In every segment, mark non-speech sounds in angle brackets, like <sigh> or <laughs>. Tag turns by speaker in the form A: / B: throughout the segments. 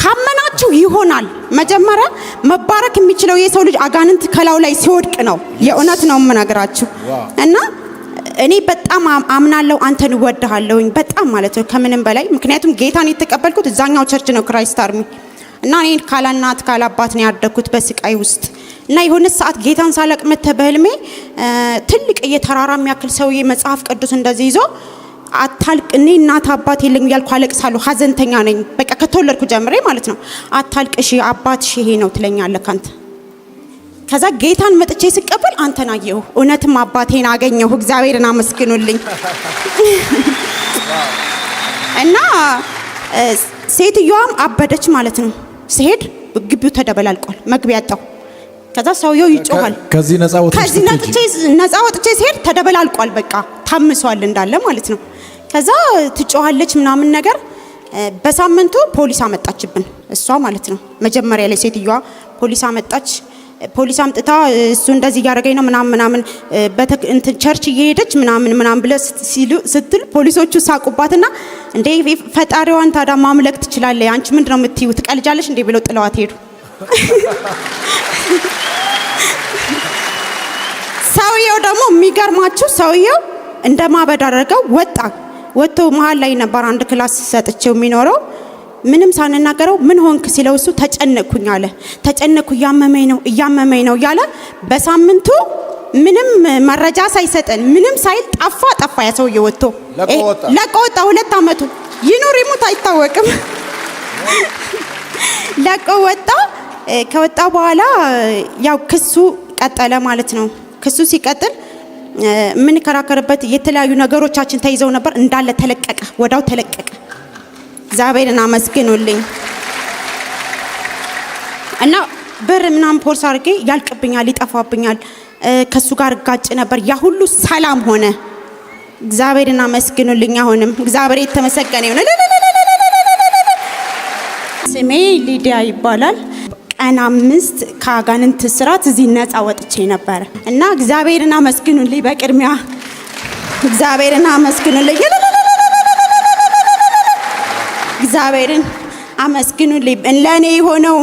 A: ካመናችሁ ይሆናል። መጀመሪያ መባረክ የሚችለው የሰው ልጅ አጋንንት ከላው ላይ ሲወድቅ ነው። የእውነት ነው የምነግራችሁ እና እኔ በጣም አምናለሁ። አንተን እወድሃለሁኝ በጣም ማለት ነው ከምንም በላይ ምክንያቱም ጌታን የተቀበልኩት እዛኛው ቸርች ነው ክራይስት አርሚ እና እኔ ካላናት ካላባት ነው ያደግኩት በስቃይ ውስጥ እና የሆነ ሰዓት ጌታን ሳለቅ መተ በህልሜ ትልቅ እየተራራ የሚያክል ሰውዬ መጽሐፍ ቅዱስ እንደዚህ ይዞ አታልቅ እኔ እናት አባት የለኝ እያልኩ አለቅሳለሁ። ሀዘንተኛ ነኝ። ከተወለድኩ ጀምሬ ማለት ነው። አታልቅሽ አባትሽ ይሄ ነው ትለኛለህ አንተ። ከዛ ጌታን መጥቼ ስቀበል አንተን አየሁ። እውነትም አባቴን አገኘሁ። እግዚአብሔርን አመስግኑልኝ። <laughs> እና ሴትዮዋም አበደች ማለት ነው። ስሄድ ግቢው ተደበላልቋል። መግቢያ አጣሁ። ከዛ ሰውየው ይጮሃል። ከዚህ ነፃ ወጥቼ ስሄድ ተደበላልቋል። በቃ ታምሷል እንዳለ ማለት ነው። ከዛ ትጮሃለች ምናምን ነገር በሳምንቱ ፖሊስ አመጣችብን፣ እሷ ማለት ነው። መጀመሪያ ላይ ሴትዮዋ ፖሊስ አመጣች። ፖሊስ አምጥታ እሱ እንደዚህ እያደረገኝ ነው ምናምን ምናምን ቸርች እየሄደች ምናምን ምናምን ብለ ስትል ፖሊሶቹ ሳቁባትና እንዴ ፈጣሪዋን ታዳ ማምለክ ትችላለ አንቺ ምንድን ነው የምትዩ ትቀልጃለሽ እንዴ ብለው ጥለዋት ሄዱ። ሰውየው ደግሞ የሚገርማችሁ ሰውየው እንደ ማበድ አደረገው ወጣ። ወጥቶ መሀል ላይ ነበር አንድ ክላስ ሰጥቼው የሚኖረው ምንም ሳንናገረው ምን ሆንክ ሲለው እሱ ተጨነቅኩኝ አለ። ተጨነቅኩ እያመመኝ ነው እያመመኝ ነው እያለ በሳምንቱ ምንም መረጃ ሳይሰጠን ምንም ሳይል ጠፋ ጠፋ። ያ ሰውዬ ወጥቶ ለቆ ወጣ። ሁለት አመቱ ይኑር ይሙት አይታወቅም። <laughs> ለቆ ወጣ። ከወጣ በኋላ ያው ክሱ ቀጠለ ማለት ነው። ክሱ ሲቀጥል የምንከራከርበት የተለያዩ ነገሮቻችን ተይዘው ነበር። እንዳለ ተለቀቀ፣ ወዳው ተለቀቀ። እግዚአብሔርን አመስግኑልኝ እና ብር ምናምን ፖርስ አድርጌ ያልቅብኛል፣ ይጠፋብኛል፣ ከሱ ጋር እጋጭ ነበር። ያ ሁሉ ሰላም ሆነ። እግዚአብሔርን አመስግኑልኝ። አሁንም እግዚአብሔር የተመሰገነ ይሁን። ስሜ ሊዲያ ይባላል። ቀን አምስት ከአጋንንት ስራት እዚህ ነፃ ወጥቼ ነበረ እና እግዚአብሔርን አመስግኑልኝ። በቅድሚያ እግዚአብሔርን አመስግኑልኝ። እግዚአብሔርን አመስግኑልኝ። ለእኔ የሆነው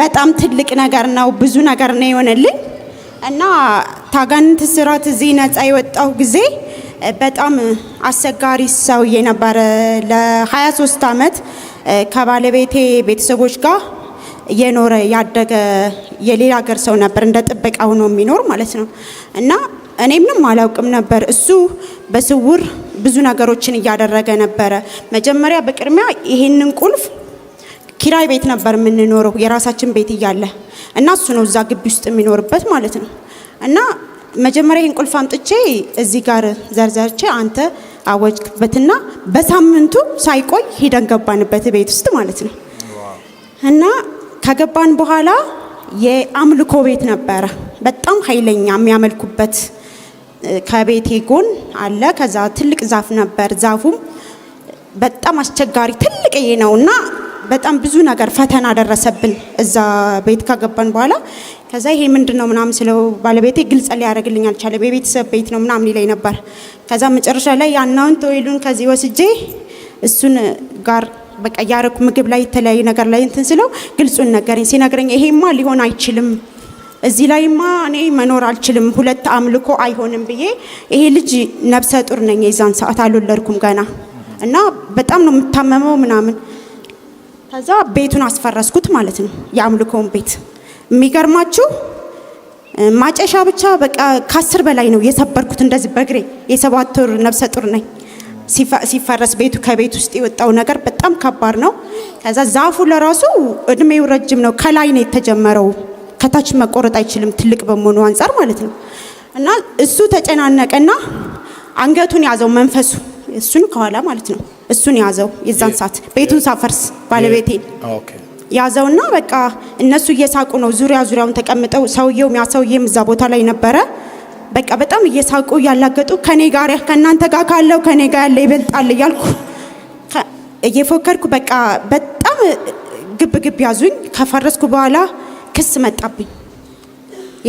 A: በጣም ትልቅ ነገር ነው። ብዙ ነገር ነው የሆነልኝ እና ታጋንንት ስራት እዚህ ነፃ የወጣው ጊዜ በጣም አሰጋሪ ሰውዬ ነበር። ለ23 ዓመት ከባለቤቴ ቤተሰቦች ጋር የኖረ ያደገ የሌላ ሀገር ሰው ነበር፣ እንደ ጥበቃ ሆኖ የሚኖር ማለት ነው። እና እኔ ምንም አላውቅም ነበር። እሱ በስውር ብዙ ነገሮችን እያደረገ ነበረ። መጀመሪያ በቅድሚያ ይሄንን ቁልፍ ኪራይ ቤት ነበር የምንኖረው የራሳችን ቤት እያለ እና እሱ ነው እዛ ግቢ ውስጥ የሚኖርበት ማለት ነው። እና መጀመሪያ ይህን ቁልፍ አምጥቼ እዚህ ጋር ዘርዘርቼ አንተ አወጅክበትና በሳምንቱ ሳይቆይ ሄደን ገባንበት ቤት ውስጥ ማለት ነው እና ከገባን በኋላ የአምልኮ ቤት ነበረ። በጣም ኃይለኛ የሚያመልኩበት ከቤቴ ጎን አለ። ከዛ ትልቅ ዛፍ ነበር። ዛፉም በጣም አስቸጋሪ ትልቅዬ ነው እና በጣም ብዙ ነገር ፈተና ደረሰብን እዛ ቤት ከገባን በኋላ። ከዛ ይሄ ምንድን ነው ምናምን ስለው ባለቤቴ ግልጽ ሊያደርግልኝ አልቻለም። የቤተሰብ ቤት ነው ምናምን ይለኝ ነበር። ከዛ መጨረሻ ላይ ያናውን ቶይሉን ከዚህ ወስጄ እሱን ጋር በቃ ያረኩ ምግብ ላይ የተለያዩ ነገር ላይ እንትን ስለው ግልጹን ነገረኝ። ሲነግረኝ ይሄማ ሊሆን አይችልም እዚህ ላይማ እኔ መኖር አልችልም፣ ሁለት አምልኮ አይሆንም ብዬ ይሄ ልጅ ነብሰ ጡር ነኝ የዛን ሰዓት አልወለድኩም ገና እና በጣም ነው የምታመመው ምናምን። ከዛ ቤቱን አስፈረስኩት ማለት ነው የአምልኮውን ቤት። የሚገርማችሁ ማጨሻ ብቻ በቃ ከአስር በላይ ነው የሰበርኩት እንደዚህ በግሬ የሰባት ወር ነብሰ ጡር ነኝ ሲፈረስ ቤቱ ከቤት ውስጥ የወጣው ነገር በጣም ከባድ ነው። ከዛ ዛፉ ለራሱ እድሜው ረጅም ነው። ከላይ ነው የተጀመረው፣ ከታች መቆረጥ አይችልም ትልቅ በመሆኑ አንጻር ማለት ነው። እና እሱ ተጨናነቀና አንገቱን ያዘው መንፈሱ፣ እሱን ከኋላ ማለት ነው። እሱን ያዘው የዛን ሰዓት ቤቱን ሳፈርስ ባለቤቴ ያዘውና በቃ እነሱ እየሳቁ ነው ዙሪያ ዙሪያውን ተቀምጠው፣ ሰውየው ያ ሰውዬም እዛ ቦታ ላይ ነበረ። በቃ በጣም እየሳቁ እያላገጡ ከኔ ጋር ከእናንተ ጋር ካለው ከኔ ጋር ያለ ይበልጣል እያልኩ እየፎከርኩ በቃ በጣም ግብ ግብ ያዙኝ። ከፈረስኩ በኋላ ክስ መጣብኝ፣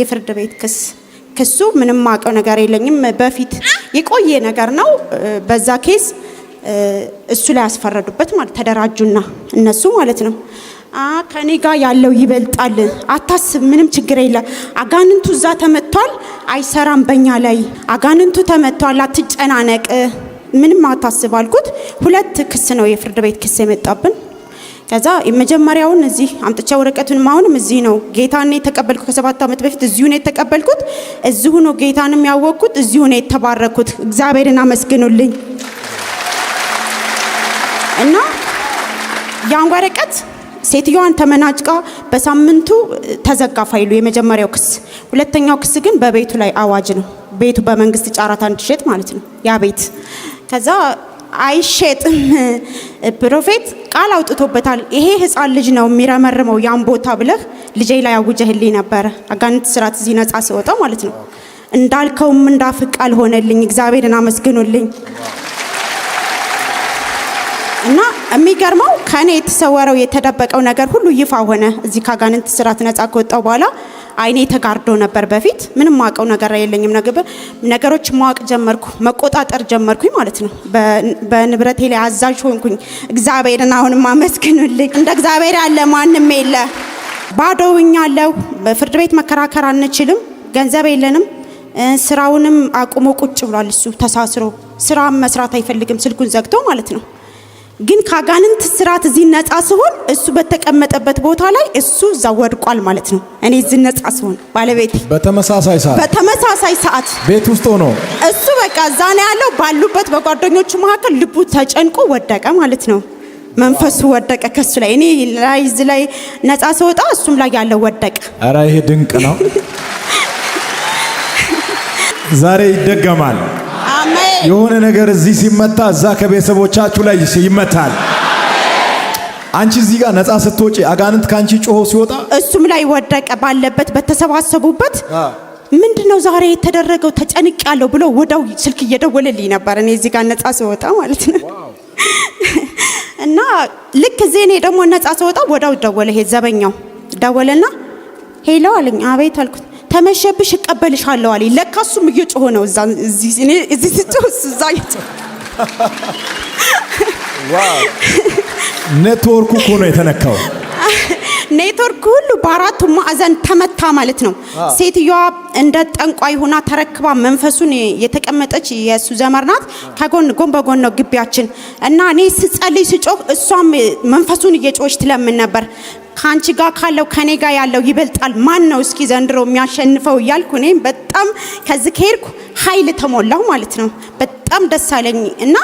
A: የፍርድ ቤት ክስ። ክሱ ምንም ማውቀው ነገር የለኝም። በፊት የቆየ ነገር ነው። በዛ ኬስ እሱ ላይ ያስፈረዱበት ማለት ተደራጁና እነሱ ማለት ነው። ከኔ ጋር ያለው ይበልጣል፣ አታስብ፣ ምንም ችግር የለ። አጋንንቱ እዛ ተመቷል፣ አይሰራም በኛ ላይ አጋንንቱ ተመቷል፣ አትጨናነቅ፣ ምንም አታስብ አልኩት። ሁለት ክስ ነው የፍርድ ቤት ክስ የመጣብን። ከዛ የመጀመሪያውን እዚህ አምጥቻ ወረቀቱን አሁንም እዚህ ነው ጌታን የተቀበልኩ ከሰባት ዓመት በፊት እዚሁ ነው የተቀበልኩት። እዚሁ ነው ጌታንም ያወቅኩት። እዚሁ ነው የተባረኩት። እግዚአብሔርን አመስግኑልኝ እና ያን ወረቀት ሴትዮዋን ተመናጭቃ በሳምንቱ ተዘጋ ፋይሉ የመጀመሪያው ክስ። ሁለተኛው ክስ ግን በቤቱ ላይ አዋጅ ነው። ቤቱ በመንግስት ጨረታ እንዲሸጥ ማለት ነው ያ ቤት ከዛ አይሸጥም። ፕሮፌት ቃል አውጥቶበታል። ይሄ ህፃን ልጅ ነው የሚረመርመው ያን ቦታ ብለህ ልጄ ላይ አውጀህልኝ ነበረ። አጋንንት ስራት እዚህ ነፃ ስወጣ ማለት ነው እንዳልከውም እንዳፍቅ አልሆነልኝ። እግዚአብሔርን አመስግኑልኝ። እና የሚገርመው ከእኔ የተሰወረው የተደበቀው ነገር ሁሉ ይፋ ሆነ። እዚህ ካጋንንት ስራት ነጻ ከወጣው በኋላ አይኔ ተጋርዶ ነበር። በፊት ምንም ማውቀው ነገር የለኝም። ነገሮች ማወቅ ጀመርኩ፣ መቆጣጠር ጀመርኩኝ ማለት ነው። በንብረቴ ላይ አዛዥ ሆንኩኝ። እግዚአብሔርን አሁንም አመስግኑልኝ። እንደ እግዚአብሔር ያለ ማንም የለ። ባዶ ያለው በፍርድ ቤት መከራከር አንችልም፣ ገንዘብ የለንም። ስራውንም አቁሞ ቁጭ ብሏል። እሱ ተሳስሮ ስራ መስራት አይፈልግም፣ ስልኩን ዘግቶ ማለት ነው። ግን ከአጋንንት ስርዓት እዚህ ነፃ ስሆን እሱ በተቀመጠበት ቦታ ላይ እሱ እዛ ወድቋል ማለት ነው። እኔ እዚህ ነፃ ሲሆን ባለቤቴ
B: በተመሳሳይ ሰዓት
A: በተመሳሳይ ሰዓት ቤት ውስጥ ሆኖ እሱ በቃ እዛ ነው ያለው። ባሉበት በጓደኞቹ መካከል ልቡ ተጨንቆ ወደቀ ማለት ነው። መንፈሱ ወደቀ ከሱ ላይ እኔ ላይ እዚ ላይ ነፃ ስወጣ እሱም ላይ ያለው ወደቀ።
B: ኧረ ይሄ ድንቅ ነው። <laughs> ዛሬ ይደገማል። የሆነ ነገር እዚህ ሲመታ እዛ ከቤተሰቦቻችሁ ላይ ይመታል። አንቺ እዚህ ጋር ነፃ ስትወጪ አጋንንት ከአንቺ ጮሆ ሲወጣ
A: እሱም ላይ ወደቀ። ባለበት በተሰባሰቡበት ምንድነው ዛሬ የተደረገው ተጨንቅ ያለው ብሎ ወዳው ስልክ እየደወለልኝ ነበር። እኔ እዚህ ጋር ነፃ ስወጣ ማለት ነው እና ልክ እዚህ እኔ ደግሞ ነፃ ስወጣ ወዳው ደወለ። ይሄ ዘበኛው ደወለና ሄለው አለኝ። አቤት አልኩት። ተመሸብሽ እቀበልሻለሁ አለኝ። ለካ እሱም እየጮኸ ነው እዚህ ስጮህ እዛ እየጮኸ <laughs>
B: ኔትወርኩ እኮ ነው የተነካው።
A: ኔትወርክ ሁሉ በአራቱ ማዕዘን ተመታ ማለት ነው። ሴትዮዋ እንደ ጠንቋይ ሆና ተረክባ መንፈሱን የተቀመጠች የእሱ ዘመር ናት። ከጎን ጎን በጎን ነው ግቢያችን እና እኔ ስጸልይ ስጮህ፣ እሷም መንፈሱን እየጮች ትለምን ነበር። ከአንቺ ጋር ካለው ከኔ ጋር ያለው ይበልጣል። ማን ነው እስኪ ዘንድሮ የሚያሸንፈው እያልኩ እኔም በጣም ከዚህ ከሄድኩ ኃይል ተሞላሁ ማለት ነው። በጣም ደስ አለኝ እና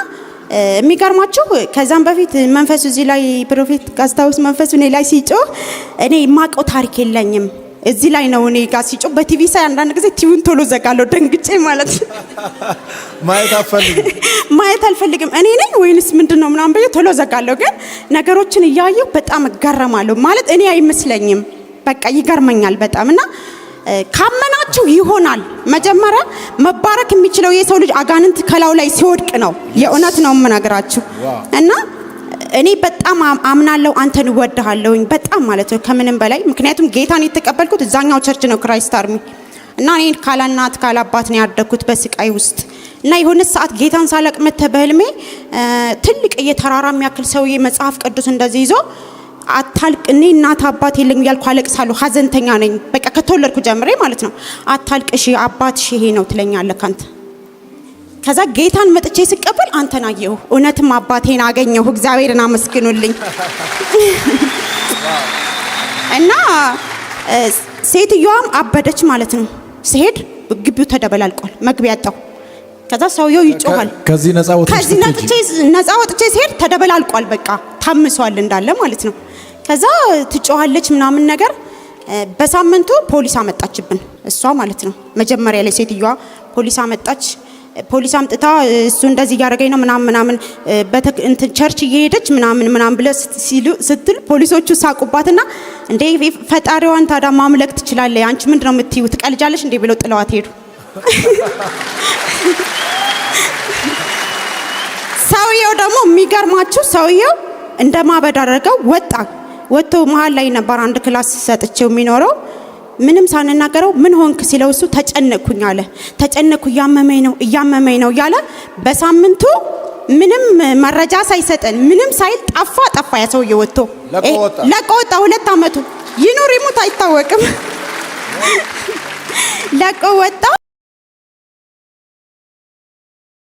A: የሚገርማችሁ ከዛም በፊት መንፈሱ እዚህ ላይ ፕሮፌት ጋስታውስ መንፈሱ እኔ ላይ ሲጮህ እኔ የማውቀው ታሪክ የለኝም እዚህ ላይ ነው እኔ ጋር ሲጮህ በቲቪ ሳይ አንዳንድ ጊዜ ቲቪን ቶሎ ዘጋለሁ ደንግጬ ማለት ነው።
B: ማየት አፈልግ
A: ማየት አልፈልግም እኔ ነኝ ወይንስ ምንድን ነው ምናምን ብዬ ቶሎ ዘጋለሁ። ግን ነገሮችን እያየሁ በጣም እገረማለሁ። ማለት እኔ አይመስለኝም፣ በቃ ይገርመኛል በጣም እና ካመናችሁ ይሆናል። መጀመሪያ መባረክ የሚችለው የሰው ልጅ አጋንንት ከላው ላይ ሲወድቅ ነው። የእውነት ነው የምነግራችሁ እና እኔ በጣም አምናለሁ። አንተን እወድሃለሁኝ በጣም ማለት ነው ከምንም በላይ ምክንያቱም ጌታን የተቀበልኩት እዛኛው ቸርች ነው ክራይስት አርሚ እና እኔ ካላናት ካላባት ነው ያደግኩት በስቃይ ውስጥ እና የሆነ ሰዓት ጌታን ሳላቅ መተ በህልሜ ትልቅ እየተራራ የሚያክል ሰውዬ መጽሐፍ ቅዱስ እንደዚህ ይዞ አታልቅ እኔ እናት አባት የለኝ እያልኩ አለቅሳለሁ። ሀዘንተኛ ነኝ በቃ ከተወለድኩ ጀምሬ ማለት ነው። አታልቅ አባት አባትሽ ይሄ ነው ትለኛለህ አንተ። ከዛ ጌታን መጥቼ ስቀበል አንተን አየሁ። እውነትም አባቴን አገኘሁ። እግዚአብሔርን አመስግኑልኝ። እና ሴትዮዋም አበደች ማለት ነው። ስሄድ ግቢው ተደበላልቋል። መግቢያ አጣሁ። ከዛ ሰውየው ይጮሃል። ከዚህ ነፃ ወጥቼ ሲሄድ ተደበላልቋል። በቃ ታምሷል እንዳለ ማለት ነው። ከዛ ትጮሃለች ምናምን ነገር በሳምንቱ ፖሊስ አመጣችብን፣ እሷ ማለት ነው። መጀመሪያ ላይ ሴትዮዋ ፖሊስ አመጣች። ፖሊስ አምጥታ እሱ እንደዚህ እያደረገኝ ነው ምናምን ምናምን እንትን ቸርች እየሄደች ምናምን ምናምን ብለ ስትል ፖሊሶቹ ሳቁባትና እንዴ ፈጣሪዋን ታዳ ማምለክ ትችላለ አንቺ ምንድነው የምትዩ ትቀልጃለሽ እንዴ ብለው ጥለዋት ሄዱ። ሰውየው ደግሞ የሚገርማችሁ ሰውየው እንደ ማበድ አድርገው ወጣ። ወጥቶ መሀል ላይ ነበር አንድ ክላስ ሰጥቼው የሚኖረው ምንም ሳንናገረው ምን ሆንክ ሲለው እሱ ተጨነቅኩኝ አለ። ተጨነቅኩ እያመመኝ ነው እያመመኝ ነው እያለ በሳምንቱ ምንም መረጃ ሳይሰጠን ምንም ሳይል ጠፋ ጠፋ። ያ ሰውዬ ወጥቶ ለቆ ወጣ። ሁለት አመቱ ይኑር ይሙት አይታወቅም። ለቆ ወጣ።